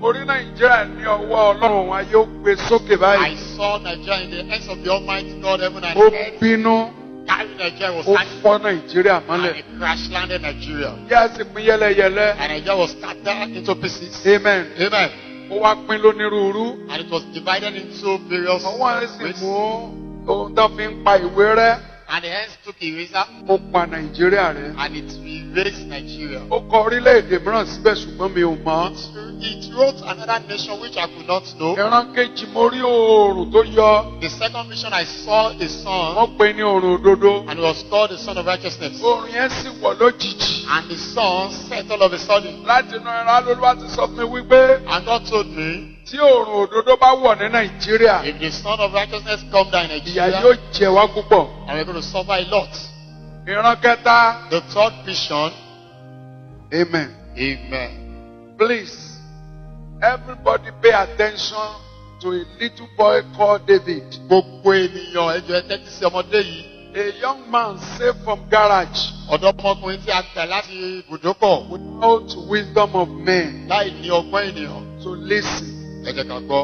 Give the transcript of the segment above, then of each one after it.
mo rí nàìjíríà ní ọwọ́ ọlọ́run wọn yóò gbé sókè báyìí. I saw Nigeria in the hands of the Almighty God heaven and earth. ó bínú carry Nigeria was ó fọ́ Nàìjíríà mọ́lẹ̀. and it crash landed Nigeria. yíyá sì pín yẹ́lẹ́yẹ́lẹ́. and Nigeria was scattered into pieces. amen. amen. ó wá pín lónírúurú. and it was divided into various. àwọn ẹ̀sìn mú ohun tó fi ń pa ìwé rẹ́. and the hands took eraser. ó pa Nàìjíríà rẹ́. and it erased Nigeria. Ó kọ orílẹ̀-èdè mìíràn síbẹ̀ ṣùgbọ́n mi ò mọ̀. It wrote another nation which I could not know. Ẹran kejì mo rí oòrùn tó yọ. The second mission I saw a sun. Wọ́n pe ní oòrùn òdodo. And it was called the sun of righteousness. Oòrùn yẹn sì wọ̀ lójijì. And the sun set all of a sudden. Láti inú ẹran lolúwa ti sọ fún mi wípé. And God told me. Tí oòrùn òdodo bá wọ̀ ní Nàìjíríà. If the sun of righteousness come down in Nigeria. Ìyà yóò jẹ wá púpọ̀. And we are going to suffer a lot ìran kẹta. the third vision. amen. amen. please everybody pay attention to a little boy called David. gbogbo ènìyàn ẹjọ tẹ́tí sí ọmọdé yìí. A young man saved from garage. Ọ̀dọ́mọkùnrin tí a tẹ̀ láti ibùdókọ̀. Without wisdom of men. Láì ní ọgbọ́n ènìyàn. To lis ten. Ẹ̀jẹ̀ kan gbọ́.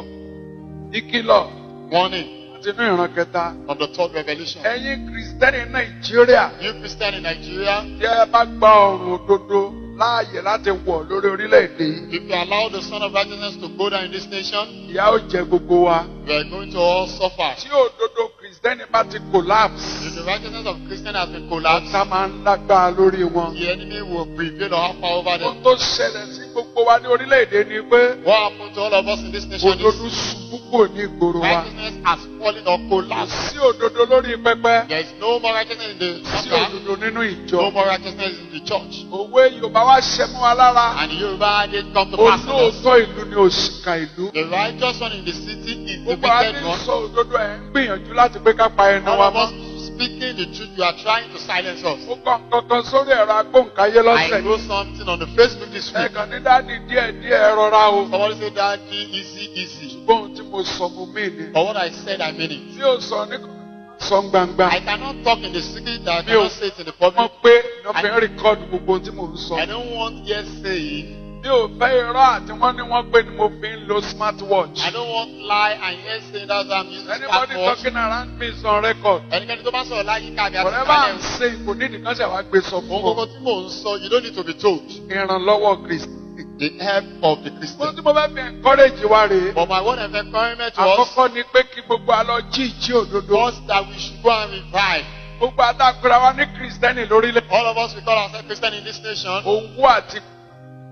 Ìkìlọ̀. Warning nínú ìran kẹta. Of the third revolution. Ẹ̀yin Kristẹni Nàìjíríà. You Christian in Nigeria. Tí bá gba ọ̀rùn òdodo láàyè láti wọ̀ lórí orílẹ̀-èdè. If you allow the son of righteousness to go down in this nation. Ìyà ó jẹ gbogbo wa. We are going to all suffer. Tí òdodo Kristẹni bá ti collapse. If the righteousness of Christian has been collapsed. Ọ̀tá máa ń lágbára lórí wọn. The enemy will prevail or have over them. Ohun tó ṣẹlẹ̀ sí gbogbo wa ní orílẹ̀-èdè ni pé. What happened to all of us in this nation? Òdodo sùn kúrò ní ìgboro wa. Righteousness has fallen or collapsed. Sí òdodo lórí pẹpẹ. There is no more righteousness in the church. Sí òdodo nínú ìjọ. No more righteousness in the church. Òwe Yorùbá wá ṣẹ mú wa lára. And Yorùbá did come to pass. Olóòótọ́ ìlú ni òṣìkà ìlú. The righteous one in the city is the wicked one. Gbogbo adé sọ òdodo ẹ̀ ń gbìyànjú láti pé ká ẹnu wa mọ́ speaking the truth, you are trying to silence us. I know something on the Facebook this week. Somebody said, Daddy, easy, easy mo sọ mo mí ni. But what I said I mean it. Tí o sọ ní sọ gbangba. I cannot talk in the secret I cannot say it in the public. Mo pé nọ́bẹ̀ record gbogbo ohun tí mò sọ. I don't want yes saying. Mi ò fẹ́ irọ́ àti wọ́n ní wọ́n pé ni mo fi ń lo smart I don't want lie and yes say that's why I'm using Anybody Anybody talking around me is on record. Ẹnikẹ́ni tó bá sọ̀rọ̀ láyé káàbí àti kálẹ̀. Whatever I'm saying kò ní ìdíkan ṣe àwa gbé sọ fún ọ. Ohun gbogbo tí mò ń sọ you don't need to be told. Ìrànlọ́wọ́ Kristi the help of the Christian. Wọ́n mo bá fi encourage wa rèé. But my word of encouragement was. Àkọ́kọ́ ni pé kí gbogbo àlọ́ jí ìjí òdodo. First that we should go and revive. Gbogbo àdàkùnrin wa ní Kristẹni lórílẹ̀. All of us we call ourselves Christian in this nation. Owó àti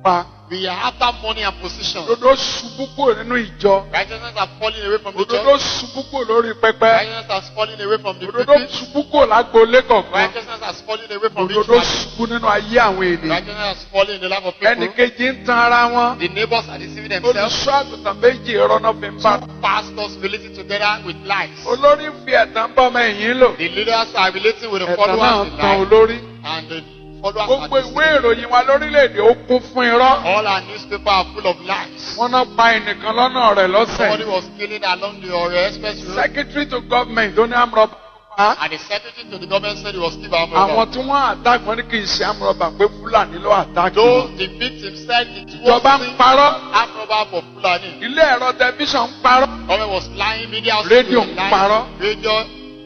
pa. We are after money and position. Òdodo ṣubú kúrò nínú ìjọ. Righteousness are falling away from the church. Òdodo ṣubú kúrò lórí pẹpẹ. Righteousness are falling away from the pulpit. Òdodo ṣubú kúrò lágbolé kọ̀ọ̀kan. Righteousness are falling away from the church. Òdodo ṣubú nínú ayé àwọn ènìyàn. Righteousness are falling in the life of people. Ẹnìkejì ń tan ara wọn. The neighbors are deceiving themselves. Olùṣọ́ àgùntàn méjì rọ́nà fi ń bá. Two pastors relating together with lies. Olórí ń fi ẹ̀tàn bọ́ ọmọ ẹ̀yìn lò. The leaders are relating with the followers in lies. Ẹ̀tàn náà tan olórí. And the Gbogbo ìwé ìròyìn wa lórílẹ̀‐èdè ó kún fún irọ́. All our newspapers are full of lies. Wọ́n náà pa ẹnìkan lọ́nà rẹ̀ lọ́sẹ̀. Somebody was killing along the Ọ̀rẹ́ express road. Secretary to government ló ní àmúrọ̀bà. And the secretary to the government said he was still amuraba. Àwọn tí wọ́n attack wọn ní kì í ṣe amuraba pé Fulani ló attack. Though the victim said it was ìjọba ń parọ́. amuraba for Fulani. Ilé ẹ̀rọ tẹlifíṣàn ń parọ́. Government was lying media was lying. Rédíò ń parọ́. Rédíò.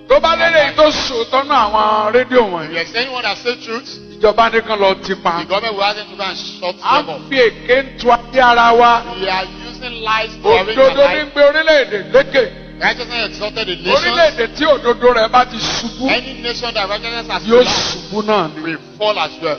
Tó bá lélẹ̀ tó ṣòótọ́ náà àwọn rédíò wọ̀nyí. Yes, anyone that say truth ìjọba nìkan lọ ti pa. the government will ask them to go and shut them up. a ń fi èké ń tu ayé ara wa. we are using lies to every kind of òdodo ní gbé orílẹ̀-èdè lékè. Righteousness exalted a nation. Orílẹ̀-èdè tí òdodo rẹ̀ bá ti ṣubú. Any nation that righteousness has yóò ṣubú náà ni. will fall as well.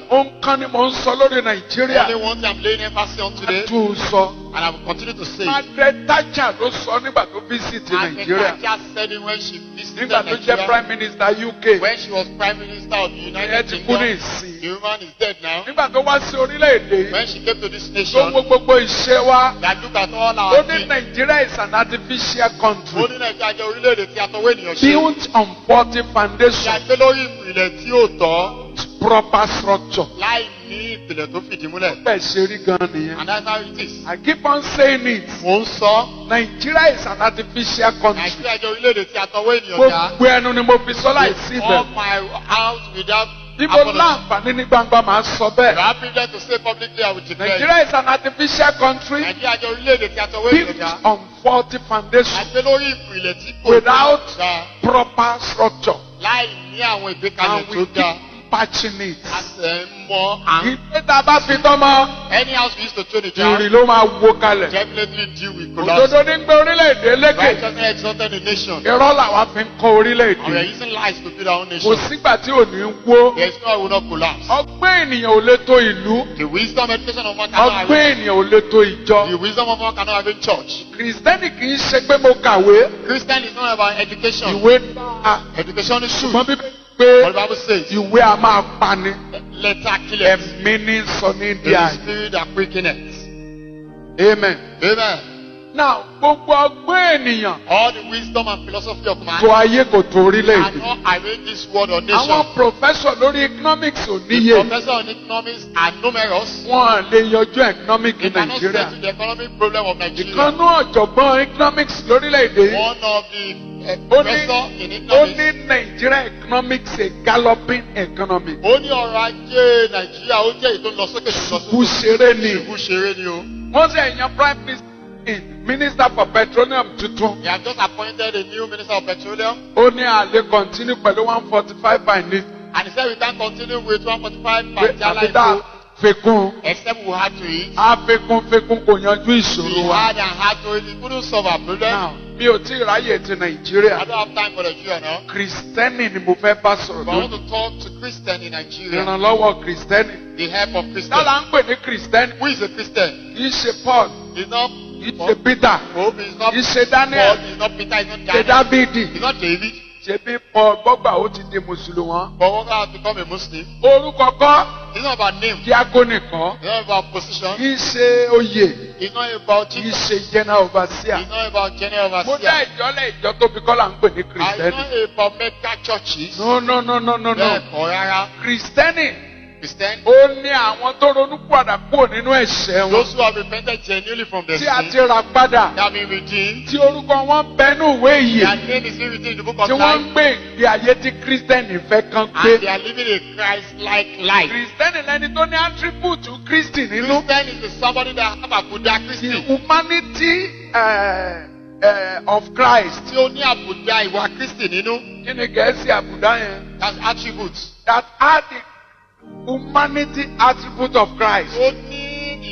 ni mò ń sọ lórí Nàìjíríà. Only one thing I'm laying emphasis on today. sọ. And I will continue to say. Adetaja ló sọ nígbà tó visit Nàìjíríà. Adetaja said Nigeria. Nígbà tó jẹ́ Prime Minister UK. When she was Prime Minister of the United Kingdom. Ẹ ti kú ní ìsìn. The woman is dead now. Nígbà tó wá sí orílẹ̀-èdè. When she came to this nation. Tó gbogbo ìṣe wa. That look at all our things. Ó Nigeria is an artificial country. Ó ní jẹ́ orílẹ̀-èdè tí a tọ́ wé ènìyàn ṣe. Built on faulty foundation. Ṣàgbé lórí ilẹ̀ tí ó tọ́. Proper structure. Láì ní ìpìlẹ̀ tó fìdí múlẹ̀. Ó bẹ̀ ṣe rí gan nìyẹn. And that's how it is. I keep on saying it. Mò ń sọ. Nigeria is an artificial country. Nàìjíríà jẹ́ orílẹ̀-èdè tí a tọ́ wé ènìyàn dá. Gbogbo ẹnu ni mo fi sọ láì ibo láǹfààní ní gbangba máa sọ bẹ́ẹ̀. you are privileged to say publicly I will declare. Nigeria is an artificial country. Nàìjíríà jẹ́ orílẹ̀-èdè tí a tọ́ wé ìlú built on faulty foundation. àti lórí ìpìlẹ̀ tí kò dá. without proper structure. láì ní àwọn ìgbékalẹ̀ tó dáa. and we patching it. Àṣẹ ń mọ Ìgbé tá a bá fi tán mọ́. Any house we use to turn it down. Ìrì ló máa wo kalẹ̀. Definitely deal with collapse. Òdodo ní gbé orílẹ̀-èdè lékè. Righteousness exalted the nation. Irọ́ làwa fi ń kọ́ orílẹ̀-èdè. We using lies to build our own nation. Kò sígbà tí ò ní wó. There is no way we no collapse. Ọgbẹ́ ènìyàn ò lè tó ìlú. The wisdom education of one cannot Ọgbẹ́ ènìyàn ò lè tó ìjọ. The wisdom of one cannot have a church. Kristẹni kì í ṣe pé mo kàwé. Christian is not about education. Ìwé ta. Education is true. Ṣùgbọ́n bíbélì pé ìwé a máa pani ẹ̀mí ní sọ ní díà. The spirit of quickeness. Amen. Amen. Now, gbogbo ọgbọ́n ènìyàn. All the wisdom and philosophy of man. Kò ayé kò tó orílẹ̀-èdè. And all arrange this world or nation. Àwọn professor lórí economics ò níye. The professor on economics are numerous. Wọ́n lè yanjú economic in Nigeria. They cannot settle the economic problem of Nigeria. Ìkànnú ọ̀jọ̀gbọ́n economics lórílẹ̀-èdè. One of the eh, economics. only Nigeria economics a galloping economy. Ó ní ọrọ̀ ajé Nàìjíríà ó jẹ́ ìtòlọ́sókè. Ṣùgbọ́n ṣeré ni. Ṣùgbọ́n ṣeré ni o. Wọ́n ṣe èèyàn prime minister in minister for petroleum tuntun. He has just appointed a new minister of petroleum. Ó ní àlè continue pẹ̀lú one forty five by need. And he said we can continue with one forty five by jala ibo. Fekun. Except we had to eat. A fekun fekun kò yanjú ìṣòro wa. We had and had to eat. We couldn't solve our problem. Now mi ò tí ì ráyè ti Nàìjíríà. I don't have time for Nigeria now. Kristẹni ni mo fẹ́ bá sọ̀rọ̀ lónìí. But I want to talk to Christian in Nigeria. Ìrànlọ́wọ́ Kristẹni. The help of Christian. Dálá ń pè ní Kristẹni. Who is a Christian? Kì í ṣe Paul. He's not Kì í ṣe Peter. Kì í ṣe Daniel. Ṣé Dábìdì? Ṣebí Paul Bọ́gbà ó ti di Mùsùlùmọ́. Bọ̀wọ́gà has become a Muslim. Orúkọ kọ́. It's not about name. Diagoni kan. It's not about position. Kì í ṣe oyè. It's not about chief. Kì í ṣe general overseer. It's not about general overseer. Mo dá ìjọ́lẹ̀ ìjọ tó fi kọ́là ń pè ní Kristẹni. I know about mega churches. No no no no no no. Bẹ́ẹ̀ kọ́ rárá. Kristẹni. Ó ní àwọn tó ronú padà kúrò nínú ẹ̀ṣẹ̀ wọn. Those who have repented genuinely from their sins. Tí a ti rà padà. They have been redeemed. Tí orúkọ wọn bẹnu ìwé ìyè. Their name is written in the book of life. Tí wọ́n ń gbé ìgbé ayé tí Christian fẹ́ kan gbé. And they are living a Christ-like life. Christian lẹni tó ní attribute Christi nínú. Christian is the somebody that have àbùdá Christi. The humanity. Uh, uh, of Christ. Tí ó ní àbùdá ìwà Kristi nínú. Kí ni Gẹ̀ẹ́sì àbùdá yẹn? That's attributes. That are the humanity attribute of Christ. Ó ní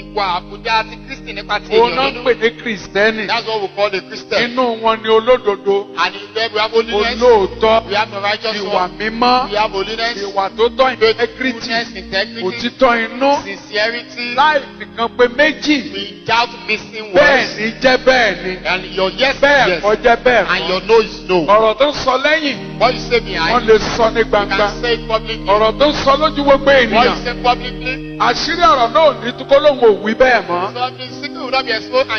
ìwà àbújá ti kristi nípa ti èèyàn. òun náà ń pè ní kristẹni. that's what we call a christian. inú wọn ni olódodo. and in them we have holiness. olóòótọ́. we have the righteous one. ìwà mímọ́. we have holiness. ìwà tó tọ́ integrity. goodness integrity. òtítọ́ inú. sincerity. láì nìkan pé méjì. without missing words. bẹ́ẹ̀ ni jẹ́ bẹ́ẹ̀ ni. and your yes is yes. bẹ́ẹ̀ kọ́ jẹ́ bẹ́ẹ̀ mọ́. and your no is no. ọ̀rọ̀ tó ń sọ lẹ́yìn. what you say behind. wọ́n lè sọ ní gbangba. you can say it publicly. ọ̀rọ̀ tó ń sọ lójú gbogbo ènìyàn. what you say publicly àṣírí ọ̀rọ̀ náà ní tukọ́ lóun ò wí bẹ́ẹ̀ mọ́.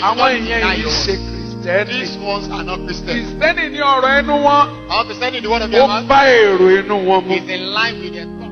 àwọn ìyẹn yìí ṣe kìrìtẹ́nì. these ones are not Christian. kìrìtẹ́nì ni ọ̀rọ̀ ẹnu wọn. àwọn kìrìtẹ́nì ni wọ́n dẹ̀ bí wọn. ó bá èrò inú wọn mu. in line with their